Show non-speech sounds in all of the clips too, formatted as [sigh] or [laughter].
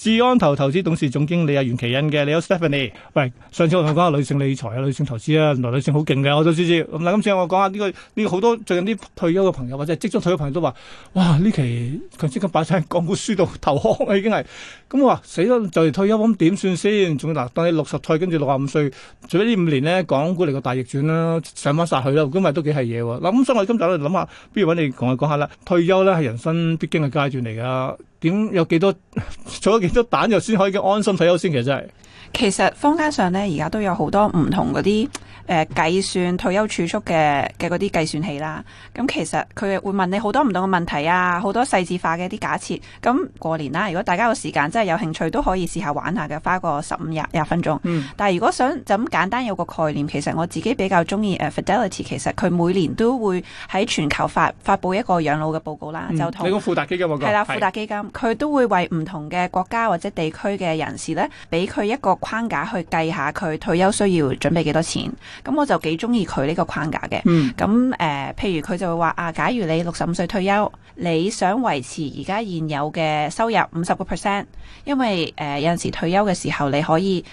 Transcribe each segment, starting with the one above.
治安投投資董事總經理啊袁其恩嘅，你好 Stephanie，喂，上次我同你講下女性理財啊，女性投資啊，原來女性好勁嘅，我都知知。咁嗱，今次我講下呢個呢個好、這個、多最近啲退休嘅朋友或者即將退休朋友都話，哇呢期強積金擺晒喺港股輸到投降啊，已經係咁我話死啦，就嚟退休咁點算先？仲嗱，要當你六十退跟住六十五歲，除咗呢五年呢，港股嚟個大逆轉啦，上翻晒去啦，咁咪都幾係嘢喎。嗱、嗯，咁所以我今集咧諗下，不如揾你講下講下啦，退休咧係人生必經嘅階段嚟噶。點有幾多做咗幾多蛋，又先可以安心退休先？其實真係，其實坊間上咧，而家都有好多唔同嗰啲。誒、呃、計算退休儲蓄嘅嘅嗰啲計算器啦。咁其實佢會問你好多唔同嘅問題啊，好多細緻化嘅一啲假設。咁過年啦，如果大家有時間真係有興趣，都可以試，試玩下玩下嘅，花個十五廿廿分鐘，嗯。但如果想就咁簡單有個概念，其實我自己比較中意 Fidelity。其實佢每年都會喺全球發發布一個養老嘅報告啦，嗯、就同你個富達基金報告。對啦，富達基金佢都會為唔同嘅國家或者地區嘅人士呢，俾佢一個框架去計下佢退休需要準備幾多錢。咁我就幾中意佢呢個框架嘅。咁、嗯、誒、呃，譬如佢就會話啊，假如你六十五歲退休，你想維持而家現有嘅收入五十個 percent，因為誒、呃、有陣時退休嘅時候你可以誒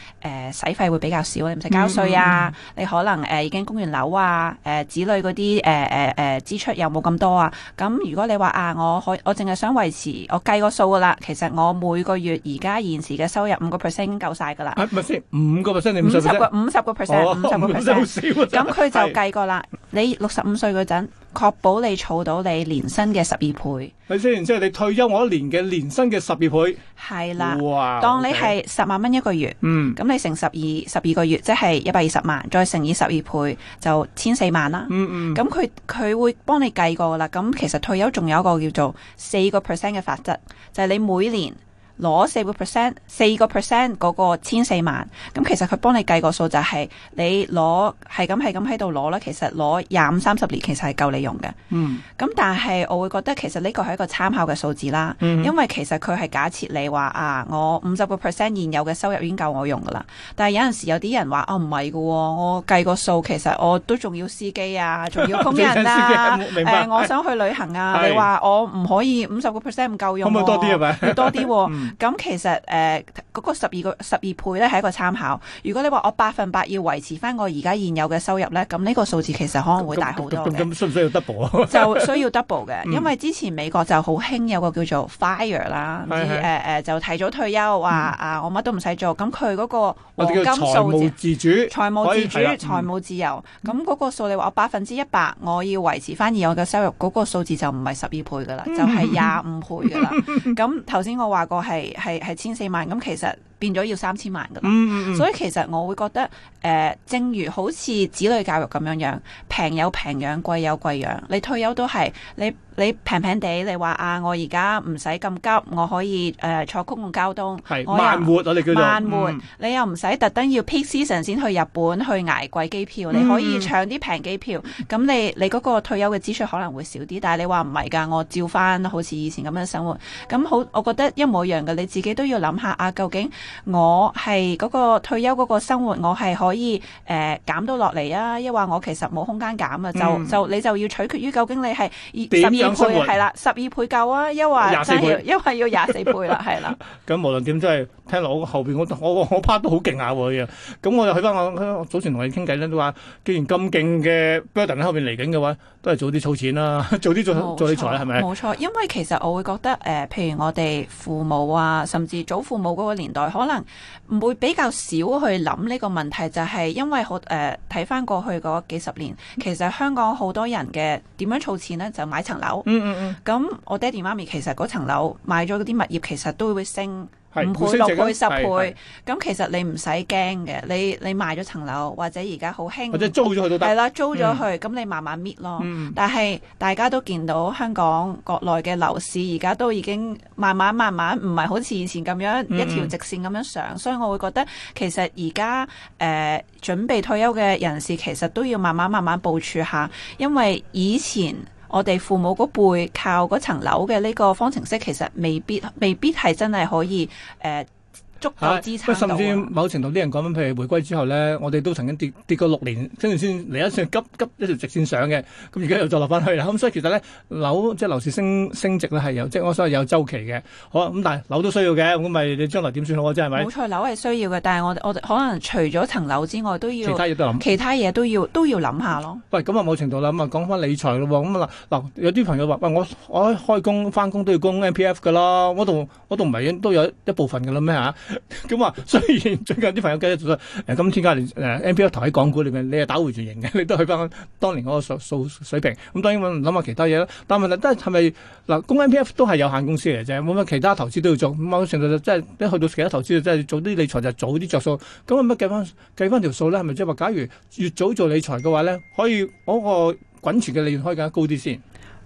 使、呃、費會比較少你唔使交稅啊、嗯嗯，你可能誒、呃、已經供完樓啊，誒、呃、子女嗰啲誒誒誒支出又冇咁多啊。咁如果你話啊，我可我淨係想維持我計個數㗎啦，其實我每個月而家現時嘅收入五個 percent 已經夠曬㗎啦。係、啊、先？五個 percent 你五十個 percent？五十個 percent。咁 [laughs] 佢就計過啦。你六十五歲嗰陣，確保你儲到你年薪嘅十二倍，係咪先？即係你退休我一年嘅年薪嘅十二倍係啦。哇！當你係十萬蚊一個月，嗯，咁你乘十二十二個月，即係一百二十萬，再乘以十二倍就千四萬啦。嗯嗯。咁佢佢會幫你計過噶啦。咁其實退休仲有一個叫做四個 percent 嘅法則，就係、是、你每年。攞四個 percent，四個 percent 嗰個千四萬，咁其實佢幫你計個數就係你攞係咁係咁喺度攞啦。其實攞廿五三十年其實係夠你用嘅。嗯。咁但係我會覺得其實呢個係一個參考嘅數字啦。嗯。因為其實佢係假設你話啊，我五十個 percent 現有嘅收入已經夠我用㗎啦。但係有陣時有啲人話哦，唔係㗎喎，我計個數其實我都仲要司機啊，仲要工人啦、啊啊嗯，明白。欸。我想去旅行啊。你話我唔可以五十個 percent 唔夠用，啊？可唔可以多啲 [laughs] 啊？咪，嗯？要多啲喎。咁、嗯、其實誒嗰、呃那個十二個十二倍咧係一個參考。如果你話我百分百要維持翻我而家現有嘅收入咧，咁呢個數字其實可能會大好多。咁咁需唔需要 double 啊？ [laughs] 就需要 double 嘅、嗯，因為之前美國就好興有個叫做 fire 啦，誒誒、呃呃、就提早退休話啊，嗯、我乜都唔使做。咁佢嗰個黃金數字、叫財務自主、財務自主、財務自由。咁嗰、啊嗯、個數你話我百分之一百我要維持翻現有嘅收入，嗰、那個數字就唔係十二倍噶啦、嗯，就係廿五倍噶啦。咁頭先我話過係。係係係千四萬咁，其實。變咗要三千萬㗎喇、嗯嗯，所以其實我會覺得誒、呃，正如好似子女教育咁樣樣，平有平養，貴有貴養，你退休都係你你平平地，你話啊，我而家唔使咁急，我可以誒、呃、坐公共交通，慢活我、啊、哋叫做慢活、嗯，你又唔使特登要 peak season 先去日本去捱貴機票、嗯，你可以搶啲平機票，咁你你嗰個退休嘅支出可能會少啲，但係你話唔係㗎，我照翻好似以前咁樣生活，咁好，我覺得一模一樣㗎，你自己都要諗下啊，究竟。我係嗰個退休嗰個生活，我係可以誒、呃、減到落嚟啊！抑或我其實冇空間減啊，嗯、就就你就要取決於究竟你係十二倍係啦，十二倍夠啊！抑或即係因為要廿四倍啦，係啦。咁 [laughs] 無論點都係。聽落，我後邊我我我 part 都好勁下喎。咁我就去翻我早前同你傾偈咧，都話既然咁勁嘅 burden 喺後邊嚟緊嘅話，都係早啲儲錢啦，啊，早啲做做理財啦，係咪？冇錯，因為其實我會覺得誒、呃，譬如我哋父母啊，甚至祖父母嗰個年代，可能唔會比較少去諗呢個問題，就係、是、因為好誒睇翻過去嗰幾十年，其實香港好多人嘅點樣儲錢咧，就買層樓。嗯嗯嗯。咁我爹哋媽咪其實嗰層樓買咗嗰啲物業，其實都會升。五倍、六倍、十倍，咁其實你唔使驚嘅。你你賣咗層樓，或者而家好興，或者租咗佢都得。係啦，租咗佢，咁、嗯、你慢慢搣咯。嗯、但係大家都見到香港國內嘅樓市而家都已經慢慢慢慢，唔係好似以前咁樣、嗯、一條直線咁樣上、嗯，所以我會覺得其實而家誒準備退休嘅人士其實都要慢慢慢慢部署下，因為以前。我哋父母嗰輩靠嗰層樓嘅呢個方程式，其實未必未必係真係可以誒。呃足夠支撐，甚至某程度啲人講緊，譬如回歸之後咧，我哋都曾經跌跌過六年，跟住先嚟一次急急一條直線上嘅，咁而家又再落翻去啦。咁所以其實咧，樓即係樓市升升值咧係有即係我所謂有周期嘅。好啊，咁但係樓都需要嘅，咁咪你將來點算好啊？即係咪？冇錯，樓係需要嘅，但係我我可能除咗層樓之外都要其他嘢都諗，其他嘢都要都要諗下咯。喂，咁啊某程度啦，咁啊講翻理財咯喎，咁啊嗱嗱有啲朋友話喂，我我開工翻工都要供 MPF 㗎啦，我度我度唔係都有一部分㗎啦咩嚇？咁話雖然最近啲朋友記得做，誒、哎，今天加年誒，MPF 投喺港股裏面，你係打回原形嘅，你都去翻當年嗰個數數水平。咁、嗯、當然我諗下其他嘢啦，但問題都係係咪嗱，公 MPF 都係有限公司嚟啫，冇乜其他投資都要做。咁某種程度就真係一去到其他投資，真係做啲理財就早啲着數。咁有乜計翻計翻條數咧？係咪即係話，假如越早做理財嘅話咧，可以嗰個滾存嘅利潤可以更加高啲先？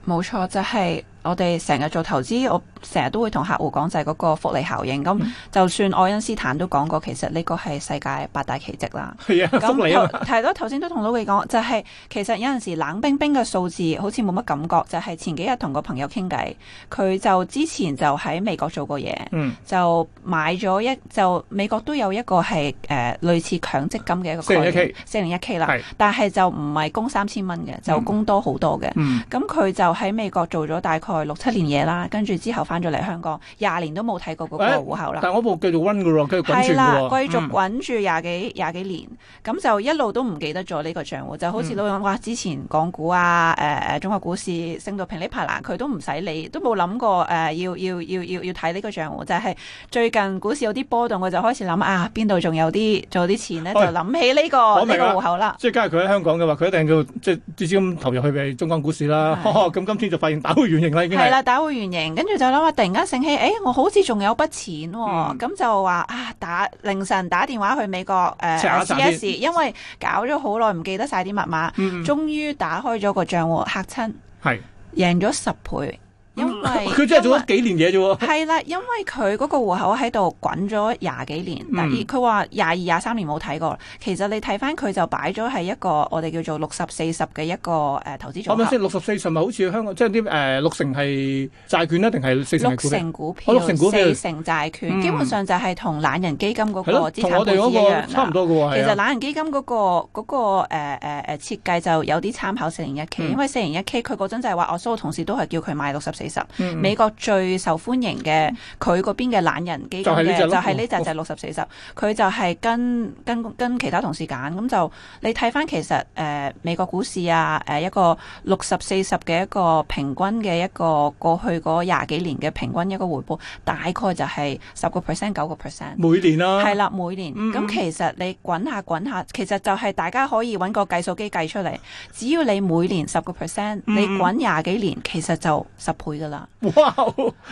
冇錯，就係、是。我哋成日做投資，我成日都會同客戶講就係嗰個複利效應。咁就算愛因斯坦都講過，其實呢個係世界八大奇蹟啦。係、yeah, 啊，複利啊！提到頭先都同到你講，就係、是、其實有陣時冷冰冰嘅數字好似冇乜感覺。就係、是、前幾日同個朋友傾偈，佢就之前就喺美國做過嘢，mm. 就買咗一就美國都有一個係誒、呃、類似強積金嘅一個概念，四零一 K，四零一 K 啦。但係就唔係供三千蚊嘅，就供多好多嘅。咁、mm. 佢、mm. 就喺美國做咗大概，六七年嘢啦，跟住之後翻咗嚟香港，廿年都冇睇過嗰個戶口啦、哎。但係我部繼續 run 嘅咯，繼續滾轉嘅喎。係啦，繼續滾住廿幾廿、嗯、幾年，咁就一路都唔記得咗呢個賬戶，就好似老諗哇，之前港股啊，誒、呃、誒中國股市升到爬哩爬欄，佢都唔使理，都冇諗過誒、呃、要要要要要睇呢個賬戶，就係、是、最近股市有啲波動，佢就開始諗啊，邊度仲有啲仲有啲錢咧？就諗起呢、這個戶、哎這個、口啦。即係假佢喺香港嘅話，佢一定要，即係直接咁投入去俾中港股市啦。咁 [laughs] 今天就發現打回原形啦。係啦，打回原形，跟住就諗話，突然間醒起，誒、哎，我好似仲有筆錢喎、哦，咁、嗯、就話啊，打凌晨打電話去美國誒，試一試，因為搞咗好耐，唔記得晒啲密碼、嗯，終於打開咗個賬戶，吓親，係贏咗十倍。因為佢真係做咗幾年嘢啫喎，係啦，因為佢嗰個戶口喺度滾咗廿幾年，第二佢話廿二廿三年冇睇過，其實你睇翻佢就擺咗係一個我哋叫做 60, 六十四十嘅一個誒投資組合，係咪六十四十咪好似香港即係啲誒六成係債券一定係六成股票，六成股票、哦、六成股票四成債券、嗯，基本上就係同懶人基金嗰個資產配置一樣啦。其實懶人基金嗰、嗰個嗰、嗰個誒誒誒設計就有啲參考四零一 K、嗯、因為四零一 K 佢嗰陣就係話我所有同事都係叫佢買六十四。四、嗯、十、嗯，美國最受歡迎嘅佢嗰邊嘅懶人基金咧，就係、是、呢就是、就六十四十，佢就係跟跟跟其他同事揀，咁就你睇翻其實誒、呃、美國股市啊，誒、呃、一個六十四十嘅一個平均嘅一個過去嗰廿幾年嘅平均一個回報，大概就係十個 percent 九個 percent，每年啦、啊，係啦每年，咁、嗯嗯、其實你滾下滾下，其實就係大家可以揾個計數機計出嚟，只要你每年十個 percent，你滾廿幾年，其實就十倍。會噶啦！哇，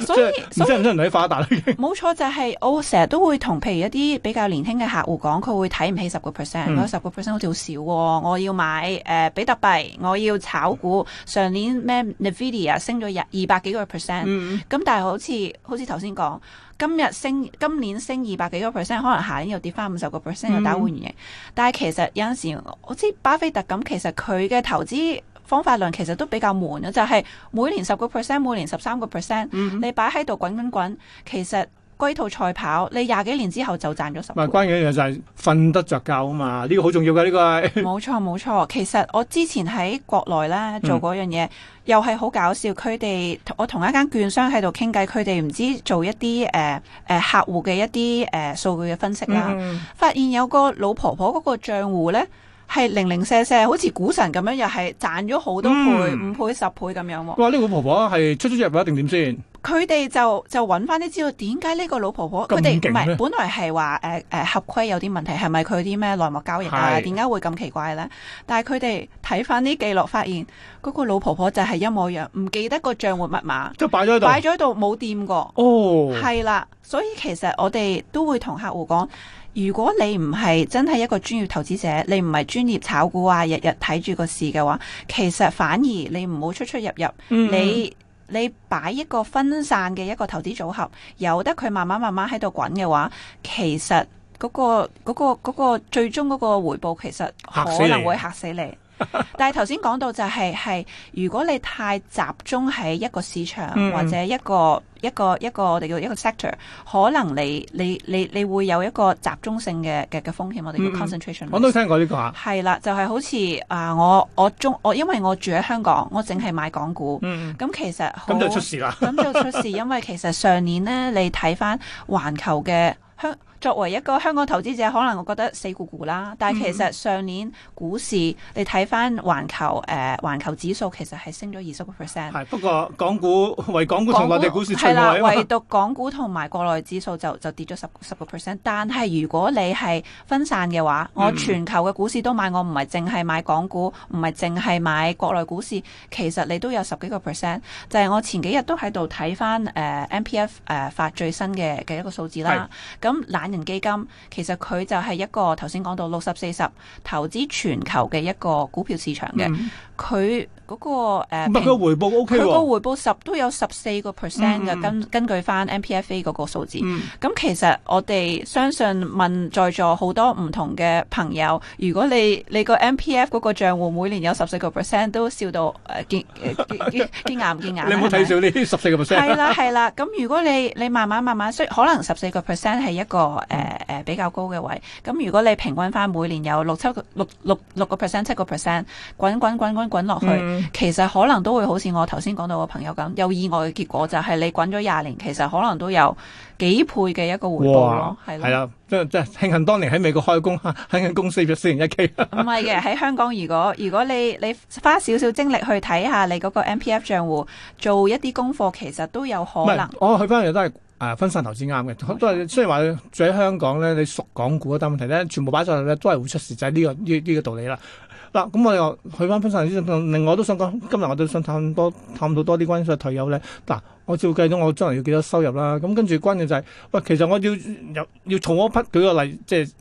所以真係啲發達冇錯就係、是、我成日都會同譬如一啲比較年輕嘅客戶講、嗯，佢會睇唔起十個 percent，我十個 percent 好似好少、哦。我要買誒、呃、比特幣，我要炒股。上年咩 Nvidia 升咗二二百幾個 percent，咁、嗯、但係好似好似頭先講，今日升今年升二百幾個 percent，可能下年又跌翻五十個 percent，又打回原形。但係其實有陣時，好似巴菲特咁，其實佢嘅投資。方法量其實都比較悶啊，就係、是、每年十個 percent，每年十三個 percent，你擺喺度滾滾滾，其實龜兔賽跑，你廿幾年之後就賺咗十萬。咪關鍵就係瞓得着覺啊嘛，呢、嗯，這個好重要嘅呢、這個。冇錯冇錯，其實我之前喺國內咧做嗰樣嘢、嗯，又係好搞笑。佢哋，我同一間券商喺度傾偈，佢哋唔知道做一啲誒誒客戶嘅一啲誒、呃、數據嘅分析啦、啊嗯，發現有個老婆婆嗰個賬戶咧。係零零舍舍，好似股神咁樣，又係賺咗好多倍，五倍、嗯、十倍咁樣喎。哇！呢、這個婆婆係出出入入一定點先？佢哋就就揾翻啲資料，點解呢個老婆婆佢哋唔係本來係話、呃呃、合規有啲問題，係咪佢啲咩內幕交易啊？點解會咁奇怪咧？但係佢哋睇翻啲記錄，發現嗰、那個老婆婆就係一模一樣，唔記得個賬戶密碼，即擺擺咗喺度，擺咗喺度冇掂過。哦，係啦，所以其實我哋都會同客戶講，如果你唔係真係一個專業投資者，你唔係專業炒股啊，日日睇住個市嘅話，其實反而你唔好出出入入，嗯、你。你擺一個分散嘅一個投資組合，由得佢慢慢慢慢喺度滾嘅話，其實嗰個嗰個嗰個最終嗰個回報，其實可能會嚇死你。 [laughs] 但係頭先講到就係、是、係如果你太集中喺一個市場或者一個一個一個我哋叫一個 sector，可能你你你你會有一個集中性嘅嘅嘅風險，我哋叫 concentration。我都聽過呢個啊，係啦，就係、是、好似啊、呃，我我中我因為我住喺香港，我淨係買港股，咁 [laughs] 其實咁就出事啦，咁就出事，因為其實上年呢，你睇翻環球嘅香。作為一個香港投資者，可能我覺得死估估啦。但其實上年股市，你睇翻環球誒、呃、環球指數，其實係升咗二十個 percent。不過港股為港股同內地股市之外啦。唯獨港股同埋國內指數就就跌咗十十個 percent。但係如果你係分散嘅話，我全球嘅股市都買，我唔係淨係買港股，唔係淨係買國內股市，其實你都有十幾個 percent。就係、是、我前幾日都喺度睇翻誒 M P F 誒發最新嘅嘅一個數字啦。咁型基金其實佢就係一個頭先講到六十四十投資全球嘅一個股票市場嘅佢。嗰、那個誒，佢、呃、個回報 O K 佢個回報十都有十四個 percent 嘅，根根據翻 M P F A 嗰個數字。咁、嗯、其實我哋相信問在座好多唔同嘅朋友，如果你你 MPF 個 M P F 嗰個賬戶每年有十四個 percent 都笑到誒見見牙唔見眼。你唔好睇少呢十四個 percent。係啦係啦，咁如果你你慢慢慢慢，雖可能十四個 percent 係一個誒誒、呃呃、比較高嘅位。咁如果你平均翻每年有六七六六六個 percent，七個 percent 滾滾滾滾滾落去。嗯其實可能都會好似我頭先講到個朋友咁，有意外嘅結果就係你滾咗廿年，其實可能都有幾倍嘅一個回報咯，係咯。係啦，即即慶幸當年喺美國開工，喺幸慶公司四零一 k。唔係嘅，喺香港如果如果你你花少少精力去睇下你嗰個 MPF 賬戶，做一啲功課，其實都有可能。我、哦、去翻嚟都係。啊，分散投資啱嘅，都係雖然話住喺香港咧，你熟港股，但問題咧，全部擺上去咧，都係會出事，就係、是、呢、呢個呢呢、呢個、道理啦。嗱、啊，咁、嗯、又我去翻分散投資，另外我都想講，今日我都想探多探討多啲關於退休咧。嗱、啊，我照計到我將來要幾多收入啦。咁、啊、跟住關鍵就係，喂，其實我要入要從我筆，舉個例，即係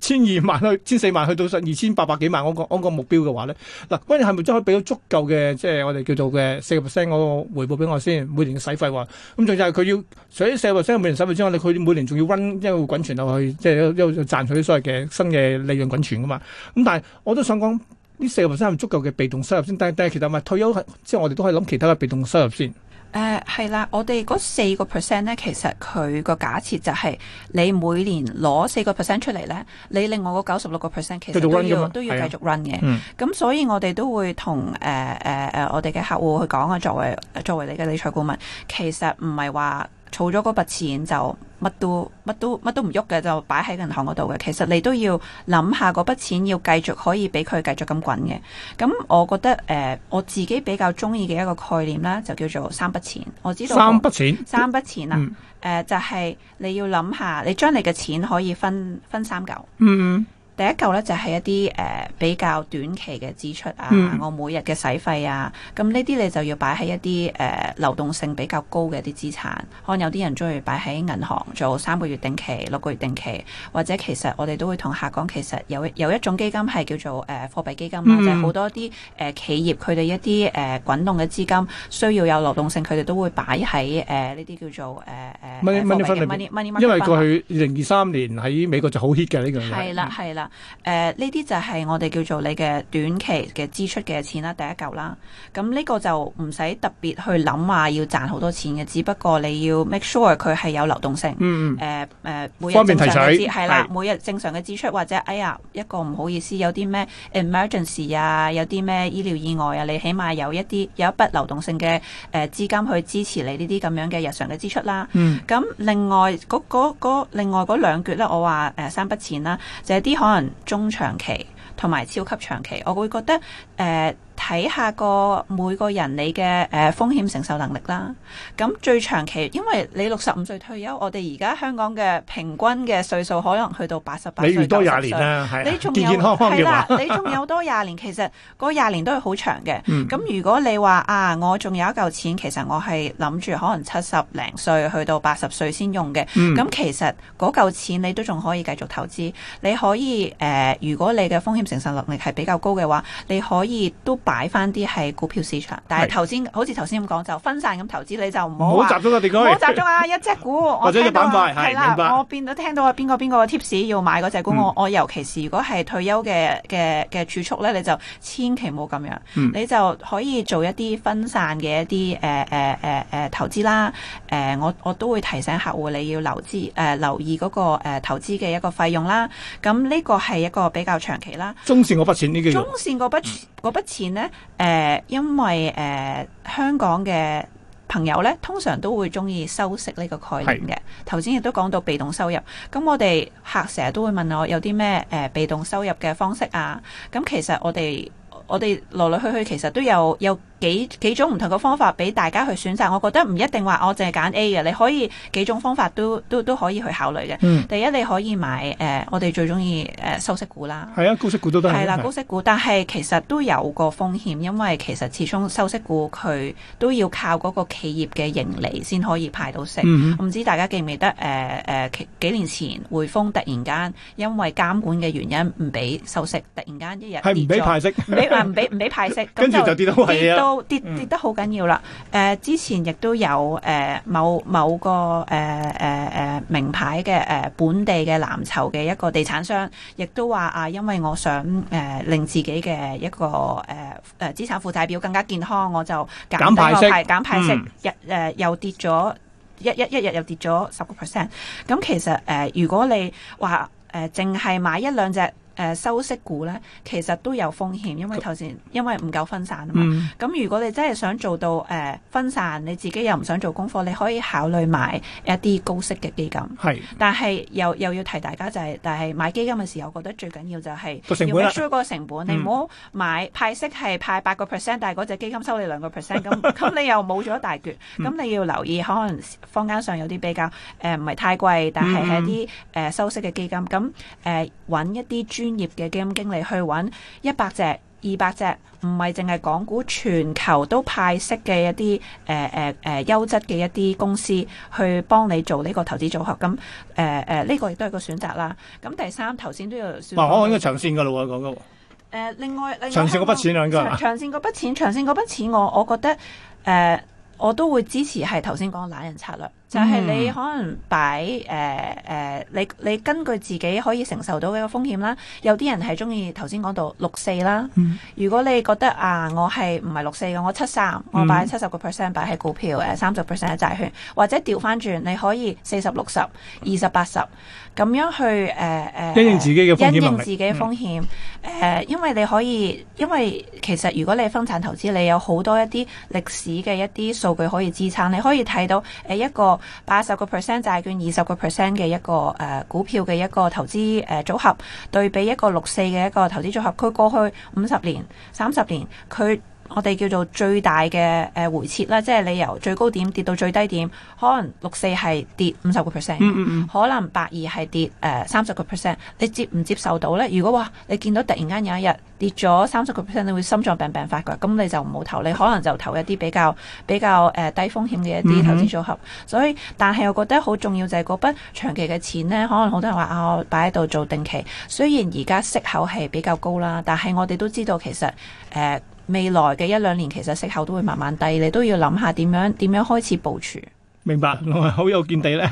千二萬去，千四萬去到二千八百幾萬，我個我個目標嘅話咧，嗱、嗯，關鍵係咪真可以俾到足夠嘅，即、就、係、是、我哋叫做嘅四 percent 嗰個回報俾我先？每年嘅使費，咁仲就係佢要除咗四 percent 每年使費之外，佢每年仲要溫一路滾存落去，即、就、係、是、一路賺取所謂嘅新嘅利潤滾存噶嘛。咁、嗯、但係我，想這是是是是、就是、我都想講呢四 percent 係唔足夠嘅被動收入先。但係但係其實咪退休之即我哋都可以諗其他嘅被動收入先。誒係啦，我哋嗰四個 percent 咧，其實佢個假設就係你每年攞四個 percent 出嚟咧，你另外嗰九十六個 percent 其實都要繼都要繼續 run 嘅。咁、嗯、所以我哋都會同誒誒誒我哋嘅客戶去講啊，作為作為你嘅理財顧問，其實唔係話。儲咗嗰筆錢就乜都乜都乜都唔喐嘅，就擺喺銀行嗰度嘅。其實你都要諗下嗰筆錢要繼續可以俾佢繼續咁滾嘅。咁我覺得誒、呃，我自己比較中意嘅一個概念啦，就叫做三筆錢。我知道三筆錢，三筆錢啊！誒、嗯呃，就係、是、你要諗下，你將你嘅錢可以分分三嚿。嗯，嗯。第一嚿咧就係、是、一啲誒、呃、比較短期嘅支出啊，我、嗯、每日嘅使費啊，咁呢啲你就要擺喺一啲誒、呃、流動性比較高嘅啲資產。可能有啲人中意擺喺銀行做三個月定期、六個月定期，或者其實我哋都會同客講，其實有有一種基金係叫做誒、呃、貨幣基金啊，即係好多啲誒、呃、企業佢哋一啲誒、呃、滾動嘅資金需要有流動性，佢哋都會擺喺誒呢啲叫做誒誒、呃。Money money market fund money money，因為過去二零二三年喺美國就好 hit 嘅呢樣嘢。係啦，係啦。誒、呃，呢啲就係我哋叫做你嘅短期嘅支出嘅錢啦，第一嚿啦。咁、嗯、呢、這個就唔使特別去諗話要賺好多錢嘅，只不過你要 make sure 佢係有流動性。呃、嗯嗯。誒誒，方便提醒係啦，每日正常嘅支、支出或者，哎呀，一個唔好意思，有啲咩 emergency 啊，有啲咩醫療意外啊，你起碼有一啲有一筆流動性嘅誒資金去支持你呢啲咁樣嘅日常嘅支出啦。咁、嗯嗯、另外嗰嗰嗰另外嗰兩橛咧，我話誒、呃、三筆錢啦，就係、是、啲可。可能中長期同埋超級長期，我會覺得誒。欸睇下個每個人你嘅誒風險承受能力啦。咁最長期，因為你六十五歲退休，我哋而家香港嘅平均嘅歲數可能去到八十八歲。你多廿年啦，係啊，你有健健康康嘅話 [laughs] 你仲有多廿年，其實嗰廿年都係好長嘅。咁、嗯、如果你話啊，我仲有一嚿錢，其實我係諗住可能七十零歲去到八十歲先用嘅。咁、嗯、其實嗰嚿錢你都仲可以繼續投資。你可以、呃、如果你嘅風險承受能力係比較高嘅話，你可以都擺。買翻啲係股票市場，但係頭先好似頭先咁講，就分散咁投資，你就唔好集中地、啊、唔好集中啊！一隻股 [laughs] 或者一隻板塊係啦，我變咗聽到啊，邊個邊個 tips 要買嗰隻股，我、嗯、我尤其是如果係退休嘅嘅嘅儲蓄咧，你就千祈唔好咁樣、嗯，你就可以做一啲分散嘅一啲誒誒誒誒投資啦。誒、呃，我我都會提醒客戶你要留資誒、呃，留意嗰、那個誒、呃、投資嘅一個費用啦。咁呢個係一個比較長期啦，中線嗰筆錢呢？中線筆筆錢咧。誒、呃，因為誒、呃，香港嘅朋友咧，通常都會中意收息呢個概念嘅。頭先亦都講到被動收入，咁我哋客成日都會問我有啲咩誒被動收入嘅方式啊。咁其實我哋我哋來來去去其實都有有幾幾種唔同嘅方法俾大家去選擇，我覺得唔一定話、哦、我淨係揀 A 嘅，你可以幾種方法都都都可以去考慮嘅。嗯、第一你可以買誒、呃，我哋最中意、呃、收息股啦。係啊，高息股都得。係啦、啊，高息股，但係其實都有個風險，因為其實始終收息股佢都要靠嗰個企業嘅盈利先可以派到息。唔、嗯、知大家記唔記得誒誒、呃呃、幾年前匯豐突然間因為監管嘅原因唔俾收息，突然間一日係唔俾派息，唔俾唔俾派息， [laughs] 跟住就跌到位跌跌得好緊要啦！誒、呃、之前亦都有誒、呃、某某個誒誒誒名牌嘅誒、呃、本地嘅藍籌嘅一個地產商，亦都話啊，因為我想誒、呃、令自己嘅一個誒誒資產負債表更加健康，我就減派息，減派息日，日、呃、誒又跌咗、嗯、一一一日又跌咗十個 percent。咁其實誒、呃，如果你話誒，淨、呃、係買一兩隻。誒、呃、收息股咧，其實都有風險，因為頭先因為唔夠分散啊嘛。咁、嗯、如果你真係想做到誒、呃、分散，你自己又唔想做功課，你可以考慮買一啲高息嘅基金。但係又又要提大家就係、是，但係買基金嘅時候，我覺得最緊要就係要唔要追個成本？成本啊、你唔好買、嗯、派息係派八個 percent，但係嗰隻基金收你兩個 percent，咁 [laughs] 咁你又冇咗一大橛。咁、嗯、你要留意，可能坊間上有啲比較誒唔係太貴，但係一啲誒、嗯呃、收息嘅基金。咁誒揾一啲專業嘅基金經理去揾一百隻、二百隻，唔係淨係港股，全球都派息嘅一啲，誒誒誒，優質嘅一啲公司，去幫你做呢個投資組合。咁，誒、呃、誒，呢、呃這個亦都係個選擇啦。咁第三，頭先都要，我我應該長線噶啦，講、那、嘅、個。誒、呃，另外另外長線嗰筆錢兩噶。長線嗰筆錢、啊、錢，長線嗰筆錢我，我我覺得，誒、呃，我都會支持係頭先講嘅懶人策略。就係、是、你可能擺誒誒、呃呃，你你根據自己可以承受到嘅風險啦。有啲人係中意頭先講到六四啦、嗯。如果你覺得啊，我係唔係六四嘅，我七三、嗯，我擺七十個 percent 擺喺股票，誒三十 percent 喺債券，或者調翻轉，你可以四十六十，二十八十，咁樣去誒誒、呃。因應自己嘅風險，因應風險、嗯呃、因為你可以，因為其實如果你係分散投資，你有好多一啲歷史嘅一啲數據可以支撐，你可以睇到誒一個。八十個 percent 債券，二十個 percent 嘅一個誒股票嘅一個投資誒組合，對比一個六四嘅一個投資組合，佢過去五十年、三十年，佢。我哋叫做最大嘅回撤啦，即係你由最高點跌到最低點，可能六四係跌五十個 percent，可能百二係跌三十個 percent。你接唔接受到咧？如果哇，你見到突然間有一日跌咗三十個 percent，你會心臟病病發嘅，咁你就唔好投，你可能就投一啲比較比較低風險嘅一啲投資組合。Mm -hmm. 所以，但係我覺得好重要就係嗰筆長期嘅錢咧，可能好多人話，啊，我擺喺度做定期，雖然而家息口係比較高啦，但係我哋都知道其實，呃未來嘅一兩年，其實息口都會慢慢低，你都要諗下點樣點樣開始部署。明白，好有見地咧。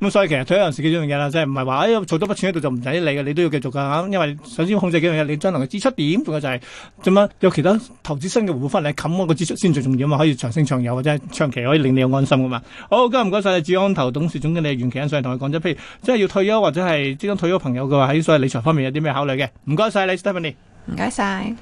咁 [laughs] 所以其實退休人士幾樣嘢啦，即係唔係話誒坐多筆錢喺度就唔使理嘅，你都要繼續噶、啊。因為首先控制幾樣嘢，你將來嘅支出點，仲有就係點樣有其他投資新嘅回報率，冚我個支出先最重要嘛，可以長生長有，或者長期可以令你安心噶嘛。好，今日唔該晒智安投董事總經理袁其恩上嚟同你講咗，譬如即係要退休或者係即將退休朋友嘅話，喺所謂理財方面有啲咩考慮嘅？唔該晒你，Stephen，唔該晒。